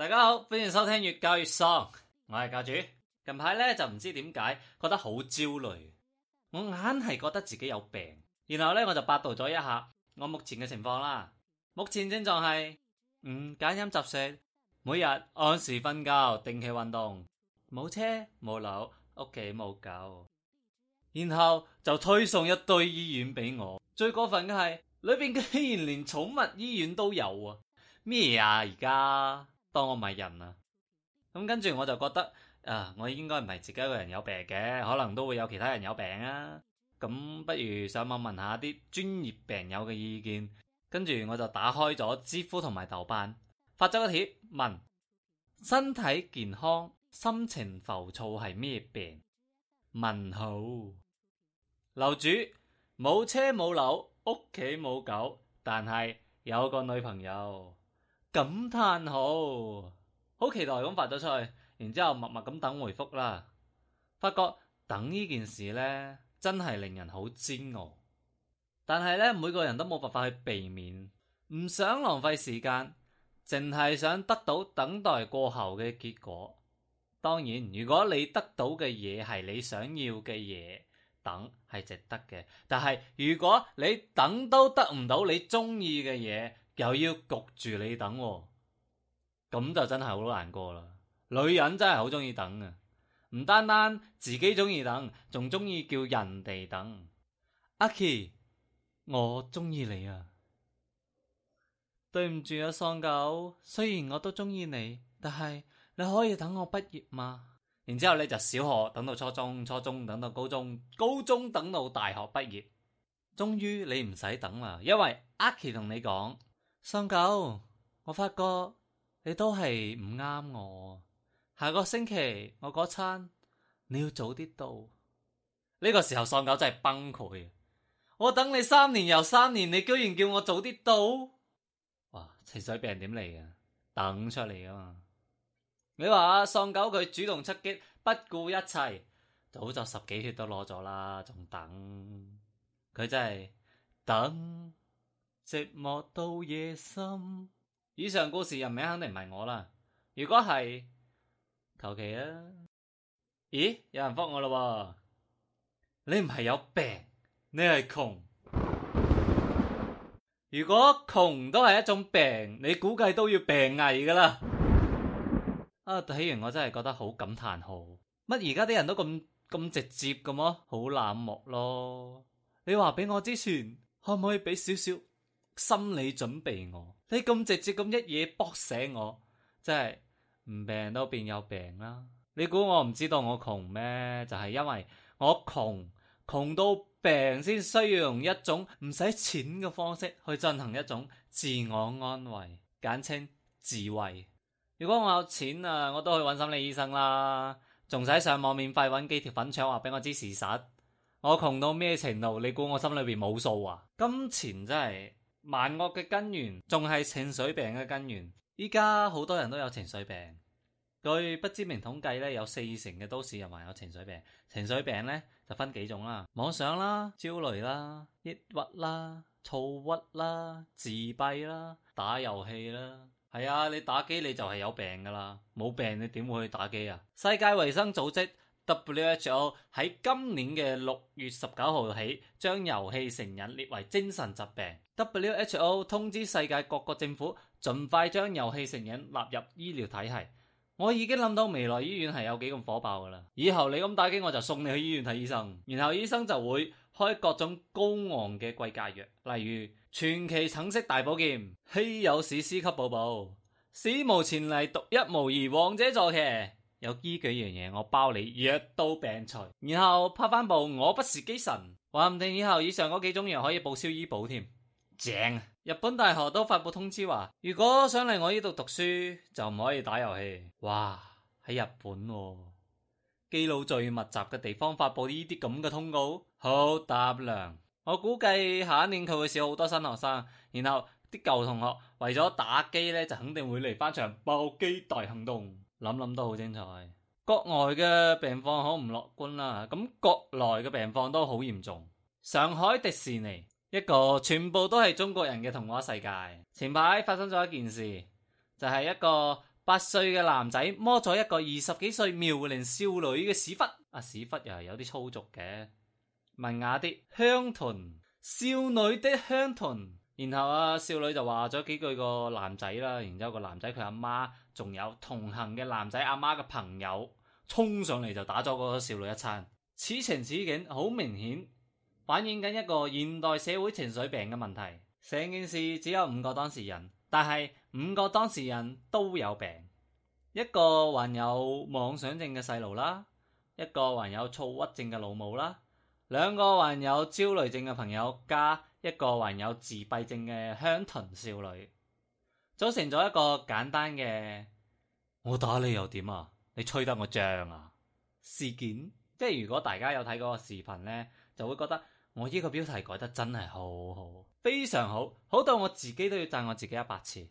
大家好，歡迎收聽《粵教粵喪》。我係教主。近排咧就唔知點解，覺得好焦慮。我硬係覺得自己有病，然後咧我就百度咗一下我目前嘅情況啦。目前症狀係嗯，揀飲擇食，每日按時瞓覺，定期運動，冇車冇樓，屋企冇狗，然後就推送一堆醫院俾我。最過分嘅係裏邊居然連寵物醫院都有啊！咩啊，而家？當我唔係人啊，咁跟住我就覺得啊、呃，我應該唔係自己一個人有病嘅，可能都會有其他人有病啊。咁不如上網問下啲專業病友嘅意見，跟住我就打開咗知乎同埋豆瓣，發咗個帖問：身體健康，心情浮躁係咩病？問號，樓主冇車冇樓，屋企冇狗，但係有個女朋友。感嘆號，好期待咁發咗出去，然之後默默咁等回覆啦。發覺等呢件事呢，真係令人好煎熬。但係呢，每個人都冇辦法去避免，唔想浪費時間，淨係想得到等待過後嘅結果。當然，如果你得到嘅嘢係你想要嘅嘢，等係值得嘅。但係如果你等都得唔到你中意嘅嘢。又要焗住你等喎，咁就真係好難過啦。女人真係好中意等啊，唔單單自己中意等，仲中意叫人哋等。阿奇，我中意你啊！對唔住啊，喪狗，雖然我都中意你，但係你可以等我畢業嘛？然之後你就小學等到初中，初中等到高中，高中等到大學畢業，終於你唔使等啦，因為阿奇同你講。喪狗，我發覺你都係唔啱我。下個星期我嗰餐你要早啲到。呢個時候喪狗真係崩潰。我等你三年又三年，你居然叫我早啲到？哇！情緒病點嚟啊？等出嚟啊嘛？你話啊，喪狗佢主動出擊，不顧一切，早就十幾血都攞咗啦，仲等？佢真係等。寂寞到夜深。以上故事人名肯定唔係我啦。如果係，求其啊。咦，有人覆我啦？你唔係有病，你係窮。如果窮都係一種病，你估計都要病危噶啦。啊，睇完我真係覺得好感嘆號。乜而家啲人都咁咁直接咁咯，好冷漠咯。你話俾我之前，可唔可以俾少少？心理準備我，你咁直接咁一嘢搏醒我，真係唔病都變有病啦。你估我唔知道我窮咩？就係因為我窮，窮到病先需要用一種唔使錢嘅方式去進行一種自我安慰，簡稱自慰。如果我有錢啊，我都去揾心理醫生啦，仲使上網免費揾幾條粉腸話畀我知事實。我窮到咩程度？你估我心裏邊冇數啊？金錢真係～萬惡嘅根源仲係情緒病嘅根源。而家好多人都有情緒病，據不知名統計咧，有四成嘅都市人患有情緒病。情緒病咧就分幾種啦，妄想啦、焦慮啦、抑鬱啦、躁鬱啦、自閉啦、打遊戲啦。係啊，你打機你就係有病噶啦，冇病你點會打機啊？世界衛生組織。WHO 喺今年嘅六月十九號起，將遊戲成癮列為精神疾病。WHO 通知世界各國政府盡快將遊戲成癮納入醫療體系。我已經諗到未來醫院係有幾咁火爆噶啦！以後你咁打機，我就送你去醫院睇醫生，然後醫生就會開各種高昂嘅貴價藥，例如傳奇橙色大寶劍、稀有史詩級寶寶、史無前例、獨一無二王者坐騎。有呢幾樣嘢，我包你藥到病除。然後拍翻部我不是機神，話唔定以後以上嗰幾種藥可以報銷醫保添。正啊！日本大學都發佈通知話，如果想嚟我呢度讀書，就唔可以打遊戲。哇！喺日本，啊，基佬最密集嘅地方發佈呢啲咁嘅通告，好膽量。我估計下一年佢會少好多新學生，然後啲舊同學為咗打機咧，就肯定會嚟翻場爆機大行動。諗諗都好精彩，國外嘅病況好唔樂觀啦、啊，咁國內嘅病況都好嚴重。上海迪士尼一個全部都係中國人嘅童話世界，前排發生咗一件事，就係、是、一個八歲嘅男仔摸咗一個二十幾歲妙齡少女嘅屎忽，啊屎忽又係有啲粗俗嘅，文雅啲香臀少女的香臀。然後啊少女就話咗幾句個男仔啦，然之後個男仔佢阿媽。仲有同行嘅男仔阿媽嘅朋友，衝上嚟就打咗嗰個少女一餐。此情此景好明顯，反映緊一個現代社會情緒病嘅問題。成件事只有五個當事人，但係五個當事人都有病：一個患有妄想症嘅細路啦，一個患有躁鬱症嘅老母啦，兩個患有焦慮症嘅朋友，加一個患有自閉症嘅鄉屯少女。組成咗一個簡單嘅，我打你又點啊？你吹得我脹啊！事件即係如果大家有睇嗰個視頻呢，就會覺得我呢個標題改得真係好好，非常好，好到我自己都要讚我自己一百次。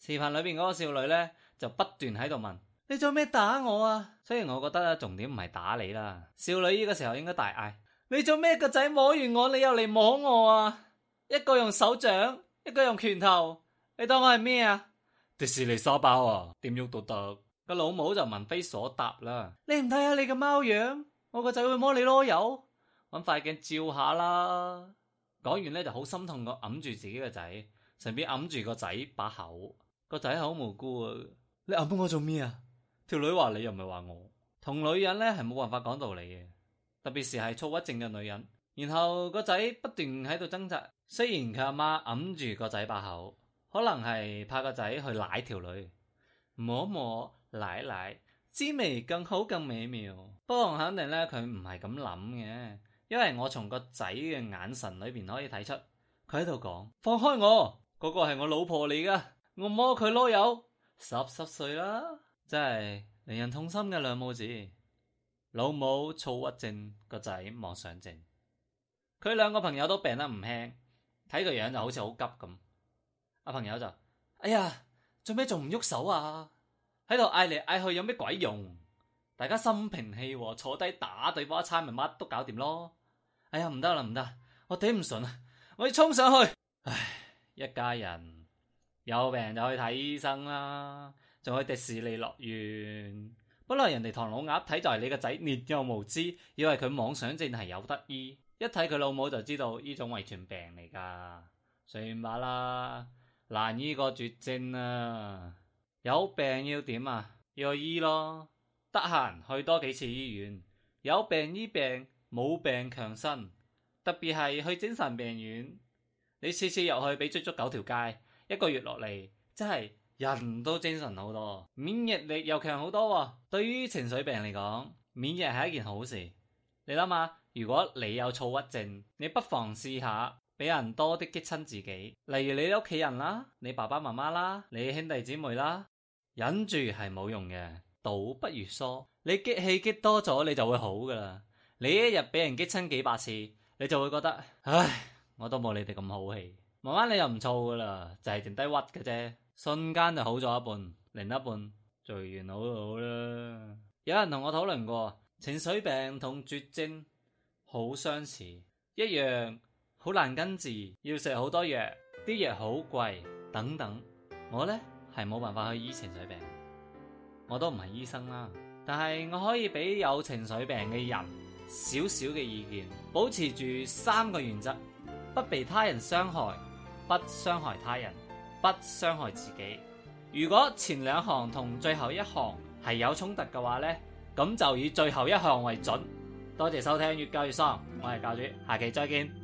視頻裏邊嗰個少女呢，就不斷喺度問：你做咩打我啊？雖然我覺得重點唔係打你啦，少女呢個時候應該大嗌：你做咩個仔摸完我，你又嚟摸我啊？一個用手掌，一個用拳頭。你當我係咩啊？迪士尼沙包啊，點喐都得。個老母就問非所答啦、啊。你唔睇下你個貓樣，我個仔會摸你囉柚，揾塊鏡照下啦。講完咧就好心痛咁，揞住自己個仔，順便揞住個仔把口。個仔好無辜啊。你揞住我做咩啊？條女話你又唔係話我，同女人咧係冇辦法講道理嘅，特別是係躁鬱症嘅女人。然後個仔不斷喺度掙扎，雖然佢阿媽揞住個仔把口。可能係怕個仔去奶條女，摸摸奶奶，滋味更好更美妙。不過肯定呢，佢唔係咁諗嘅，因為我從個仔嘅眼神裏邊可以睇出，佢喺度講：放開我，嗰、嗰個係我老婆嚟噶，我摸佢囉柚，濕濕碎啦，真係令人痛心嘅兩母子，老母躁鬱症，個仔妄想症，佢兩個朋友都病得唔輕，睇個樣就好似好急咁。阿朋友就：哎呀，做咩仲唔喐手啊？喺度嗌嚟嗌去有咩鬼用？大家心平氣和坐低打對波一餐，咪乜都搞掂咯。哎呀，唔得啦，唔得，我頂唔順啊！我要衝上去。唉，一家人有病就去睇醫生啦，仲去迪士尼樂園。本來人哋唐老鴨睇就係你個仔年幼無知，以為佢妄想症係有得醫，一睇佢老母就知道呢種遺傳病嚟噶，算吧啦。.難醫個絕症啊！有病要點啊？要去醫咯。得閒去多幾次醫院，有病醫病，冇病強身。特別係去精神病院，你次次入去俾追足九條街，一個月落嚟真係人都精神好多，免疫力又強好多啊。對於情緒病嚟講，免疫係一件好事。你諗下，如果你有躁鬱症，你不妨試下。俾人多啲激親自己，例如你屋企人啦，你爸爸媽媽啦，你兄弟姐妹啦，忍住係冇用嘅，倒不如疏。你激氣激多咗，你就會好噶啦。你一日俾人激親幾百次，你就會覺得唉，我都冇你哋咁好氣，慢慢你又唔燥噶啦，就係剩低屈嘅啫，瞬間就好咗一半，另一半最然好好啦。有人同我討論過，情緒病同絕症好相似，一樣。好難根治，要食好多藥，啲藥好貴，等等。我呢，係冇辦法去醫情緒病，我都唔係醫生啦。但係我可以俾有情緒病嘅人少少嘅意見，保持住三個原則：不被他人傷害，不傷害他人，不傷害自己。如果前兩行同最後一行係有衝突嘅話呢，咁就以最後一行為準。多謝收聽《粵教粵喪》，我係教主，下期再見。